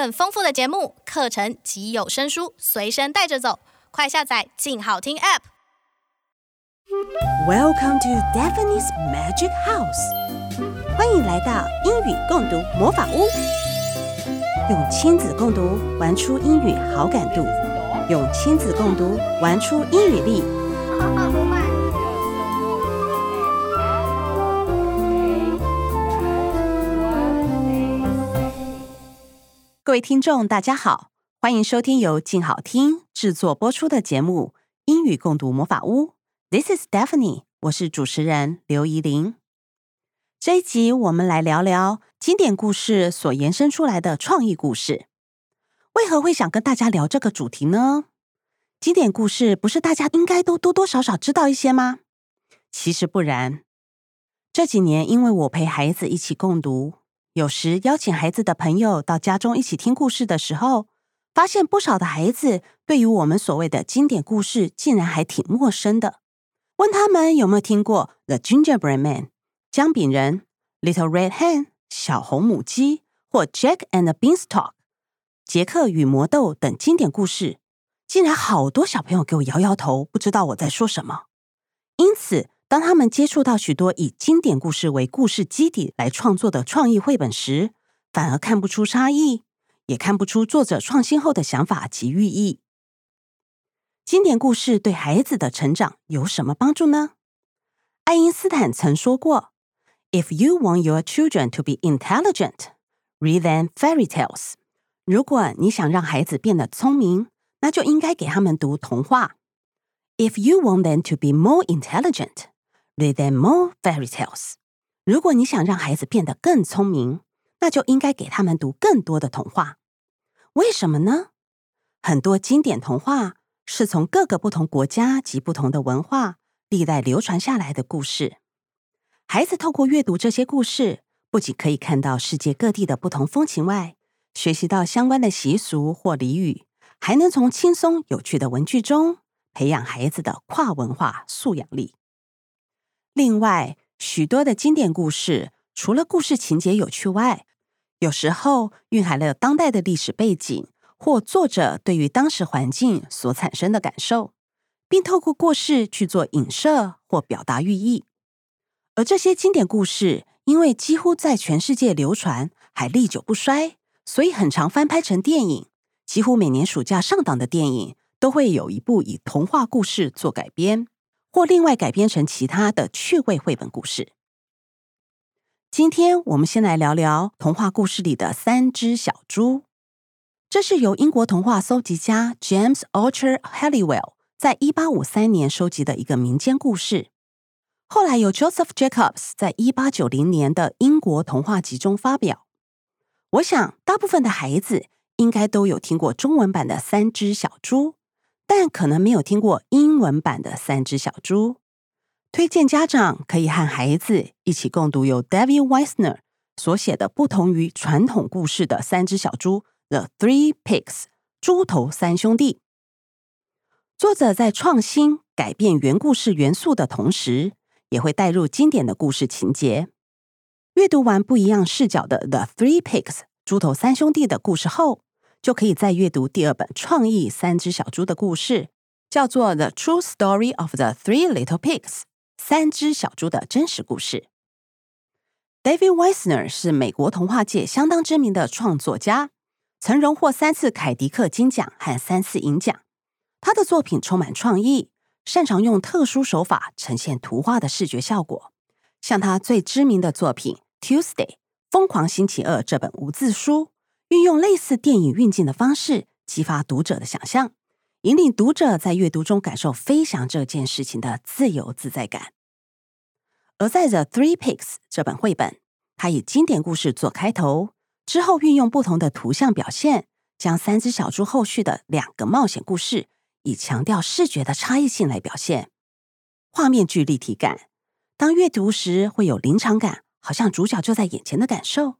更豐富的節目、課程及有聲書隨身帶着走，快下載“靜好聽 ”App。Welcome to Daphne's Magic House。歡迎來到英語共讀魔法屋。用親子共讀玩出英語好感度，用親子共讀玩出英語力。啊各位聽眾，大家好，歡迎收聽由靜好聽製作播出的節目《英語共讀魔法屋》。This is Stephanie，我是主持人劉怡伶。這一集我們來聊聊經典故事所延伸出來的創意故事。為何會想跟大家聊這個主題呢？經典故事不是大家應該都多多少少知道一些嗎？其實不然，這幾年因為我陪孩子一起共讀。有時邀請孩子的朋友到家中一起聽故事的時候，發現不少的孩子對於我們所謂的經典故事竟然還挺陌生的。問他們有沒有聽過《The Gingerbread Man》（薑餅人）、《Little Red Hen》（小紅母雞）或《Jack and the Beanstalk》（傑克與魔豆）等經典故事，竟然好多小朋友給我搖搖頭，不知道我在說什麼。因此。當他們接觸到許多以經典故事為故事基底來創作的創意繪本時，反而看不出差異，也看不出作者創新後的想法及寓意。經典故事對孩子的成長有什麼幫助呢？愛因斯坦曾說過：“If you want your children to be intelligent, read them fairy tales.” 如果你想讓孩子變得聰明，那就應該給他們讀童話。If you want them to be more intelligent, read them more fairy tales 如果你想讓孩子變得更聰明，那就應該給他們讀更多的童話。為什麼呢？很多經典童話是從各個不同國家及不同的文化歷代流傳下來的故事。孩子透過閱讀這些故事，不僅可以看到世界各地的不同風情外，學習到相關的習俗或俚語，還能從輕鬆有趣的文句中培養孩子的跨文化素養力。另外，許多的經典故事，除了故事情節有趣外，有時候蘊含了當代的歷史背景或作者對於當時環境所產生的感受，並透過故事去做影射或表達寓意。而這些經典故事因為幾乎在全世界流傳，還歷久不衰，所以很常翻拍成電影。幾乎每年暑假上檔的電影，都會有一部以童話故事做改編。或另外改編成其他的趣味繪本故事。今天我們先來聊聊童話故事裡的三隻小豬。這是由英國童話蒐集家 James Archer Halliwell 在一八五三年收集的一個民間故事，後來由 Joseph Jacobs 在一八九零年的《英國童話集》中發表。我想，大部分的孩子應該都有聽過中文版的《三隻小豬》。但可能沒有聽過英文版的《三隻小豬》，推薦家長可以和孩子一起共讀由 David Weisner 所寫的不同於傳統故事的《三隻小豬》（The Three Pigs，豬頭三兄弟）。作者在創新改變原故事元素的同時，也會帶入經典的故事情節。閱讀完不一樣視角的《The Three Pigs，豬頭三兄弟》的故事後，就可以再閱讀第二本創意《三隻小豬》的故事，叫做《The True Story of the Three Little Pigs》，三隻小豬的真實故事。David Wiesner 是美國童話界相當知名的創作家，曾榮獲三次凱迪克金獎和三次銀獎。他的作品充滿創意，擅長用特殊手法呈現圖畫的視覺效果，像他最知名的作品《Tuesday 瘋狂星期二》這本無字書。運用類似電影運鏡的方式，激發讀者的想象，引領讀者在閱讀中感受飛翔這件事情的自由自在感。而在《The Three Pigs》這本繪本，它以經典故事做開頭，之後運用不同的圖像表現，將三隻小豬後續的兩個冒險故事，以強調視覺的差異性來表現。畫面具立體感，當閱讀時會有臨場感，好像主角就在眼前的感受。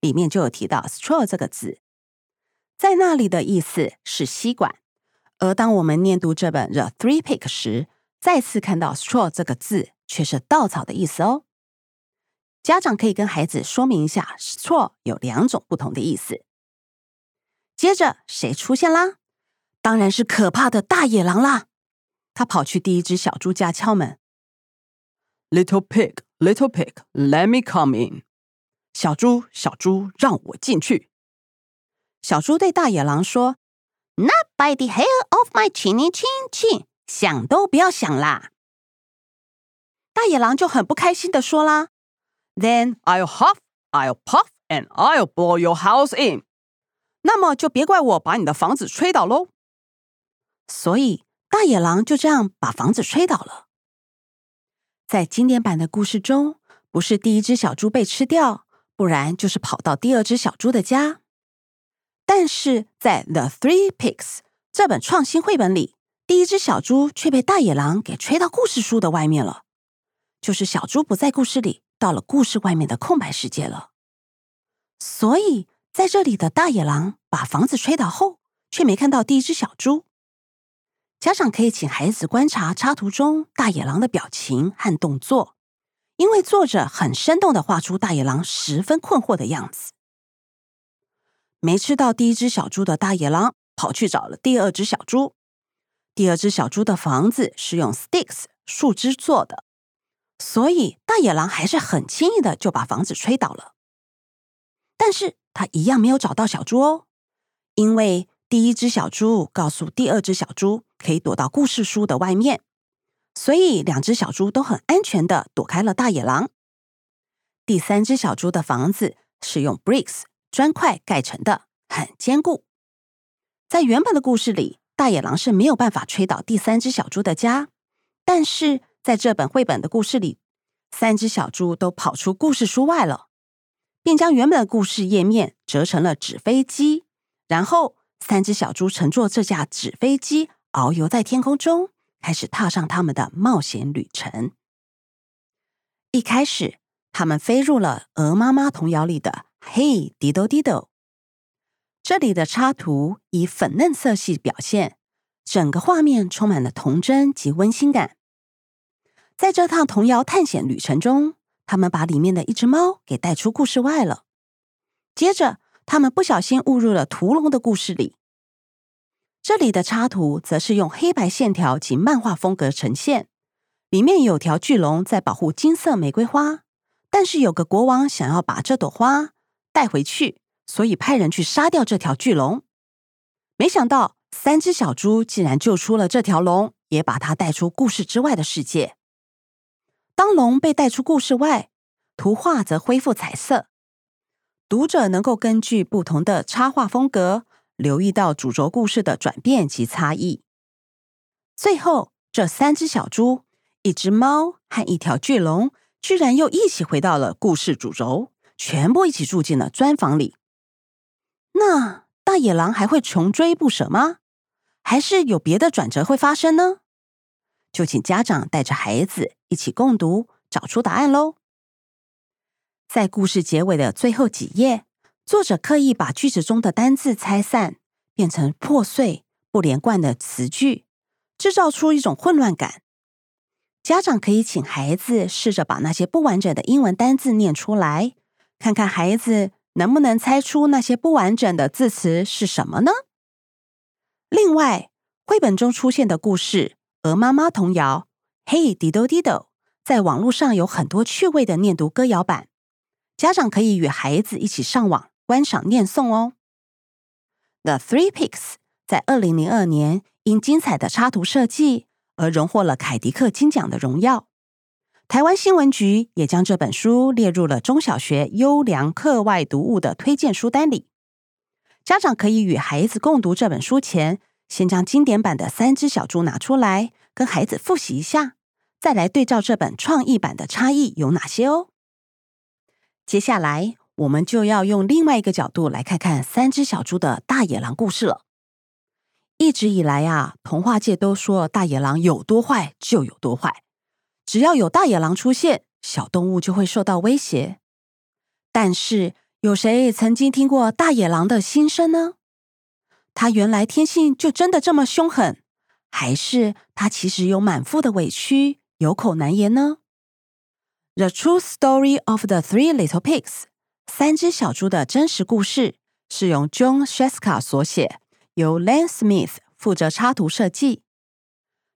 裡面就有提到 “straw” 這個字，在那裡的意思是吸管。而當我們念讀這本《The Three Pigs》時，再次看到 “straw” 這個字，卻是稻草的意思哦。家長可以跟孩子說明一下，“straw” 有兩種不同的意思。接着誰出現啦？當然是可怕的大野狼啦！他跑去第一只小豬家敲門：“Little pig, little pig, let me come in。”小豬，小豬，讓我進去！小豬對大野狼說：“Not by the hair of my chinny chin chin，想都不要想啦！”大野狼就很不開心地說啦：“Then I'll huff, I'll puff, and I'll blow your house in。”那麼就別怪我把你的房子吹倒嘍！所以大野狼就這樣把房子吹倒了。在經典版的故事中，不是第一隻小豬被吃掉。不然就是跑到第二隻小豬的家，但是在《The Three Pigs》這本創新繪本裡，第一隻小豬卻被大野狼給吹到故事書的外面了，就是小豬不在故事裡，到了故事外面的空白世界了。所以在這裡的大野狼把房子吹倒後，卻沒看到第一隻小豬。家長可以請孩子觀察插圖中大野狼的表情和動作。因為作者很生動的畫出大野狼十分困惑的樣子，沒吃到第一隻小豬的大野狼跑去找了第二隻小豬。第二隻小豬的房子是用 sticks 樹枝做的，所以大野狼還是很輕易的就把房子吹倒了。但是他一樣沒有找到小豬哦，因為第一隻小豬告訴第二隻小豬可以躲到故事書的外面。所以，兩隻小豬都很安全的躲開了大野狼。第三隻小豬的房子是用 bricks 磚塊蓋成的，很堅固。在原本的故事裡，大野狼是沒有辦法吹倒第三隻小豬的家。但是在這本繪本的故事裡，三隻小豬都跑出故事書外了，並將原本的故事頁面折成了紙飛機。然後，三隻小豬乘坐這架紙飛機遨遊在天空中。開始踏上他們的冒險旅程。一開始，他們飛入了《鵝媽媽童謠》裡的 “Hey Diddle Diddle”。這裡的插圖以粉嫩色系表現，整個畫面充滿了童真及溫馨感。在這趟童謠探險旅程中，他們把裡面的一隻貓給帶出故事外了。接着，他們不小心誤入了屠龍的故事裡。這裡的插圖則是用黑白線條及漫畫風格呈現，裡面有條巨龍在保護金色玫瑰花，但是有個國王想要把這朵花帶回去，所以派人去殺掉這條巨龍。沒想到三隻小豬竟然救出了這條龍，也把它帶出故事之外的世界。當龍被帶出故事外，圖畫則恢復彩色，讀者能夠根據不同的插畫風格，留意到主軸故事的轉變及差異。最後，這三隻小豬、一隻貓和一條巨龍，居然又一起回到了故事主軸，全部一起住進了磚房裡。那大野狼還會窮追不舍嗎？還是有別的轉折會發生呢？就請家長帶着孩子一起共讀，找出答案嘍。在故事結尾的最後幾頁。作者刻意把句子中的單字拆散，變成破碎、不連貫的詞句，制造出一種混亂感。家長可以請孩子試着把那些不完整的英文單字念出來，看看孩子能不能猜出那些不完整的字詞是什麼呢？另外，繪本中出現的故事《鵝媽媽童謠》“Hey Diddle Diddle” 在網絡上有很多趣味的念讀歌謠版，家長可以與孩子一起上網。觀賞念誦哦，《The Three Pigs》在二零零二年因精彩的插圖設計而榮獲了凱迪克金獎的榮耀。台灣新聞局也將這本書列入了中小學優良課外讀物的推薦書單裡。家長可以與孩子共讀這本書前，先將經典版的《三只小豬》拿出來，跟孩子複習一下，再來對照這本創意版的差異有哪些哦。接下來。我們就要用另外一個角度來看看《三隻小豬》的大野狼故事了。一直以來啊，童話界都說大野狼有多壞就有多壞，只要有大野狼出現，小動物就會受到威脅。但是，有誰曾經聽過大野狼的心聲呢？它原來天性就真的這麼兇狠，還是它其實有滿腹的委屈，有口難言呢？The true story of the three little pigs. 三隻小豬的真實故事是由 Jon Scieszka 所寫，由 Lane Smith 負責插圖設計。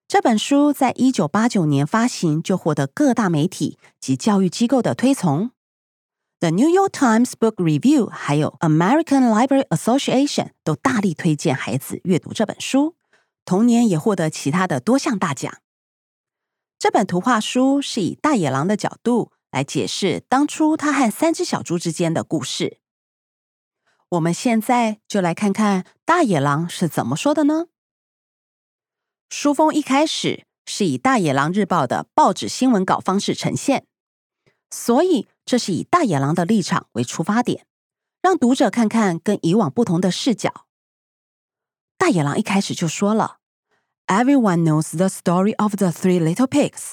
這本書在一九八九年發行，就獲得各大媒體及教育機構的推崇。The New York Times Book Review 還有 American Library Association 都大力推薦孩子閱讀這本書。同年也獲得其他的多項大獎。這本圖畫書是以大野狼的角度，來解釋當初他和三隻小豬之間的故事。我們現在就來看看大野狼是怎麼說的呢？書封一開始是以《大野狼日報》的報紙新聞稿方式呈現，所以這是以大野狼的立場為出發點，讓讀者看看跟以往不同的視角。大野狼一開始就說了：“Everyone knows the story of the three little pigs.”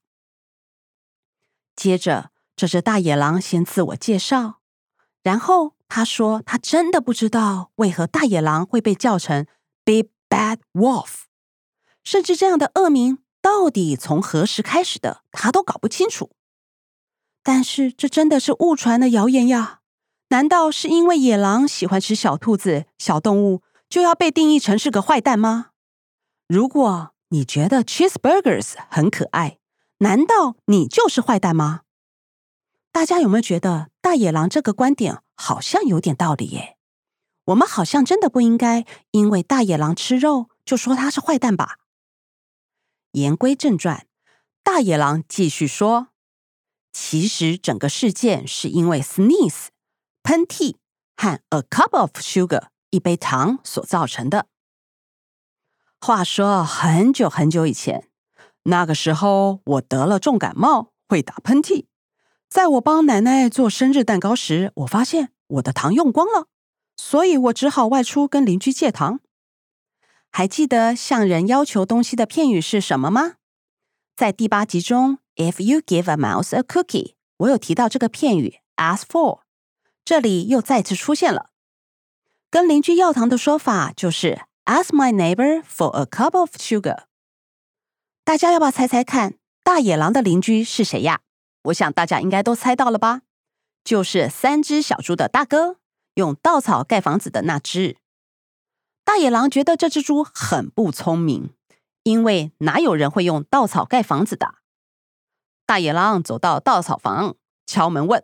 接着，這隻大野狼先自我介紹，然後他說：“他真的不知道為何大野狼會被叫成 ‘big bad wolf’，甚至這樣的惡名到底從何時開始的，他都搞不清楚。但是，這真的是誤傳的謠言呀，難道是因為野狼喜歡吃小兔子、小動物，就要被定義成是個壞蛋嗎？如果你覺得 cheeseburgers 很可愛。”難道你就是壞蛋嗎？大家有沒有覺得大野狼這個觀點好像有點道理耶？我們好像真的不應該因為大野狼吃肉就說他是壞蛋吧？言歸正傳，大野狼繼續說：“其實整個事件是因為 sneeze 噴嚏和 a cup of sugar 一杯糖所造成的。”話說很久很久以前。那個時候我得了重感冒，會打噴嚏。在我幫奶奶做生日蛋糕時，我發現我的糖用光了，所以我只好外出跟鄰居借糖。還記得向人要求東西的片語是什麼嗎？在第八集中，If you give a mouse a cookie，我有提到這個片語，ask for。這裡又再次出現了，跟鄰居要糖的說法就是 Ask my neighbor for a cup of sugar。大家要不要猜猜看，大野狼的鄰居是誰呀？我想大家應該都猜到了吧，就是三隻小豬的大哥，用稻草蓋房子的那隻。大野狼覺得這隻豬很不聰明，因為哪有人會用稻草蓋房子的？大野狼走到稻草房，敲門問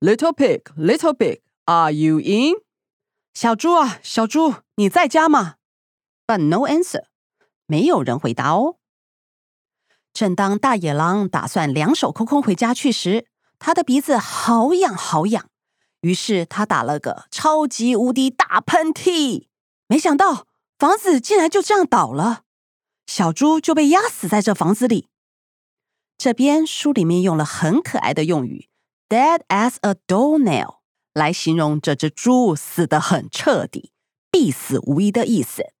：“Little pig, little pig, are you in？” 小豬啊，小豬，你在家嗎？But no answer，沒有人回答哦。正當大野狼打算兩手空空回家去時，他的鼻子好癢好癢，於是他打了個超級無敵大噴嚏。沒想到房子竟然就這樣倒了，小豬就被壓死在這房子裡。這邊書裡面用了很可愛的用語 “dead as a doornail” 來形容這隻豬死得很徹底，必死無疑的意思。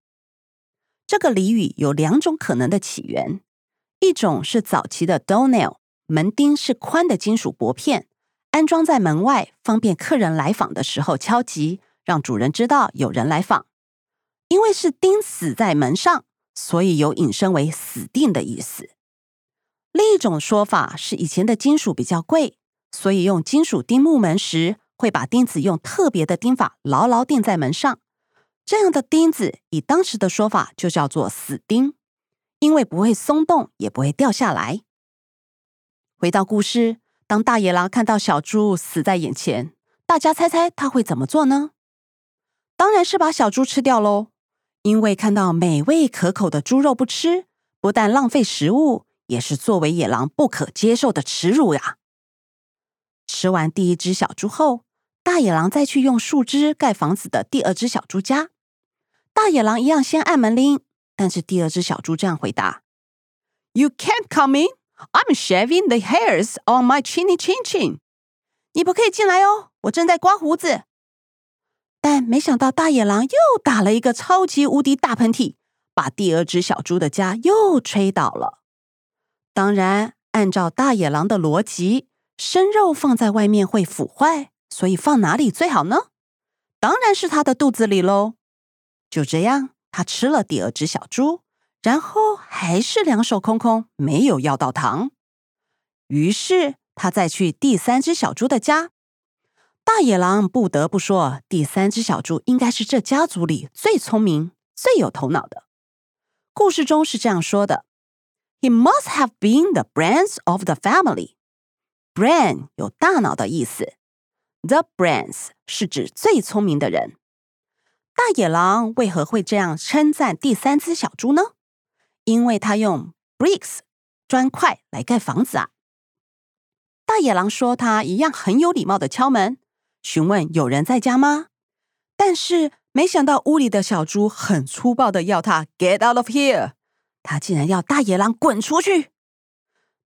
這個俚語有兩種可能的起源。一種是早期的 door nail 門釘，是寬的金屬薄片，安裝在門外，方便客人來訪的時候敲擊，讓主人知道有人來訪。因為是釘死在門上，所以有引申為“死釘”的意思。另一種說法是以前的金屬比較貴，所以用金屬釘木門時，會把釘子用特別的釘法牢牢釘在門上。這樣的釘子，以當時的說法就叫做“死釘”。因為不會鬆動，也不會掉下來。回到故事，當大野狼看到小豬死在眼前，大家猜猜他會怎麼做呢？當然是把小豬吃掉嘍！因為看到美味可口的豬肉不吃，不但浪費食物，也是作為野狼不可接受的恥辱呀。吃完第一隻小豬後，大野狼再去用樹枝蓋房子的第二隻小豬家，大野狼一樣先按門鈴。但是第二隻小豬這樣回答：“You can't come in. I'm shaving the hairs on my chinny chin chin。”你不可以進來哦，我正在刮鬍子。但沒想到大野狼又打了一個超級無敵大噴嚏，把第二隻小豬的家又吹倒了。當然，按照大野狼的邏輯，生肉放在外面會腐壞，所以放哪裡最好呢？當然是他的肚子裡嘍。就這樣。他吃了第二隻小豬，然後還是兩手空空，沒有要到糖。於是他再去第三隻小豬的家。大野狼不得不說，第三隻小豬應該是這家族裡最聰明、最有頭腦的。故事中是這樣說的：“He must have been the brains of the family. Brain 有大腦的意思，the brains 是指最聰明的人。”大野狼為何會這樣稱讚第三隻小豬呢？因為他用 bricks 磚塊來蓋房子啊。大野狼說他一樣很有禮貌的敲門，詢問有人在家嗎？但是沒想到屋裡的小豬很粗暴的要他 get out of here，他竟然要大野狼滾出去。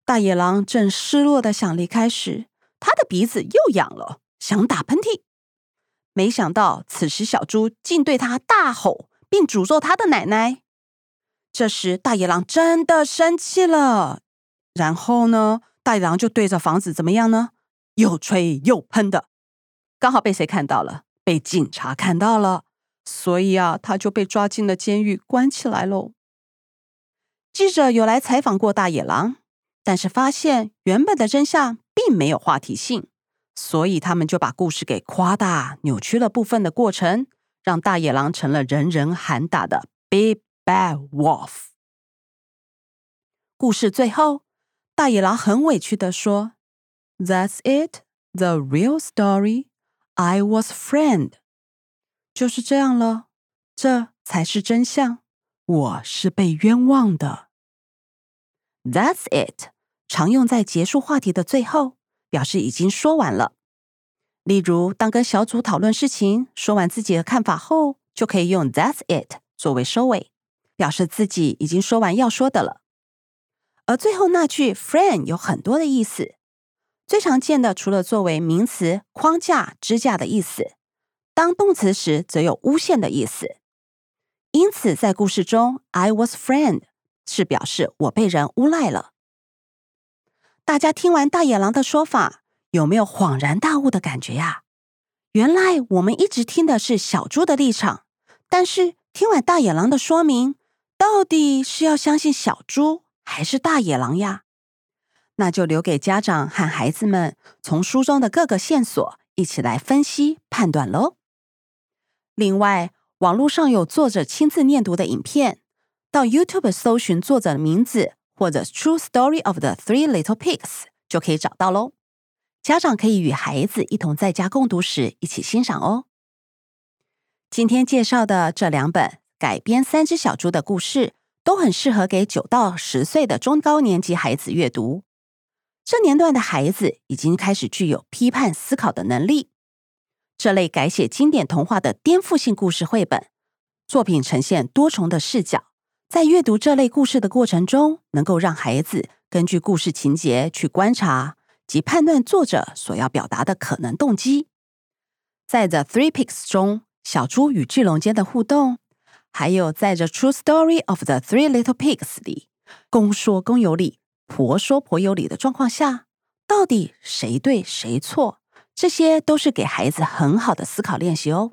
大野狼正失落的想離開時，他的鼻子又癢了，想打噴嚏。沒想到，此時小豬竟對他大吼，並詛咒他的奶奶。這時，大野狼真的生氣了。然後呢，大野狼就對着房子怎麼樣呢？又吹又噴的。剛好被誰看到了？被警察看到了。所以啊，他就被抓進了監獄，關起來嘍。記者有來採訪過大野狼，但是發現原本的真相並沒有話題性。所以他們就把故事給誇大、扭曲了部分的過程，讓大野狼成了人人喊打的 Big Bad Wolf。故事最後，大野狼很委屈地說：“That's it, the real story. I was friend.” 就是這樣了，這才是真相。我是被冤枉的。That's it，常用在結束話題的最後。表示已經說完了。例如，當跟小組討論事情，說完自己的看法後，就可以用 "That's it" 作為收尾，表示自己已經說完要說的了。而最後那句 "framed" 有很多的意思，最常見的除了作為名詞框架、支架的意思，當動詞時則有誣陷的意思。因此，在故事中 "I was framed" 是表示我被人誣賴了。大家聽完大野狼的說法，有沒有恍然大悟的感覺呀？原來我們一直聽的是小豬的立場，但是聽完大野狼的說明，到底是要相信小豬還是大野狼呀？那就留給家長和孩子們從書中的各個線索一起來分析判斷嘍。另外，網絡上有作者親自念讀的影片，到 YouTube 搜尋作者的名字。或者《True Story of the Three Little Pigs》就可以找到嘍。家長可以與孩子一同在家共讀時一起欣賞哦。今天介紹的這兩本改編三隻小豬的故事，都很適合給九到十歲的中高年級孩子閱讀。這年段的孩子已經開始具有批判思考的能力。這類改寫經典童話的顛覆性故事繪本，作品呈現多重的視角。在閱讀這類故事的過程中，能夠讓孩子根據故事情節去觀察及判斷作者所要表達的可能動機。在《The Three Pigs》中，小豬與巨龍間的互動，還有在《The True Story of the Three Little Pigs》裡，公說公有理，婆說婆有理的狀況下，到底誰對誰錯？這些都是給孩子很好的思考練習哦。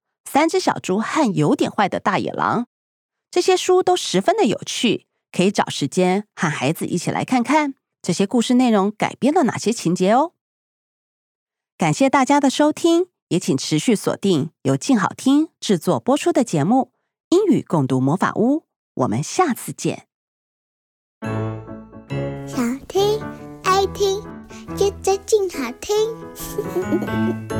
三隻小豬和有點壞的大野狼，這些書都十分的有趣，可以找時間和孩子一起來看看這些故事內容改編了哪些情節哦。感謝大家的收聽，也請持續鎖定由靜好聽制作播出的節目《英語共讀魔法屋》，我們下次見。想聽愛聽，接着靜好聽。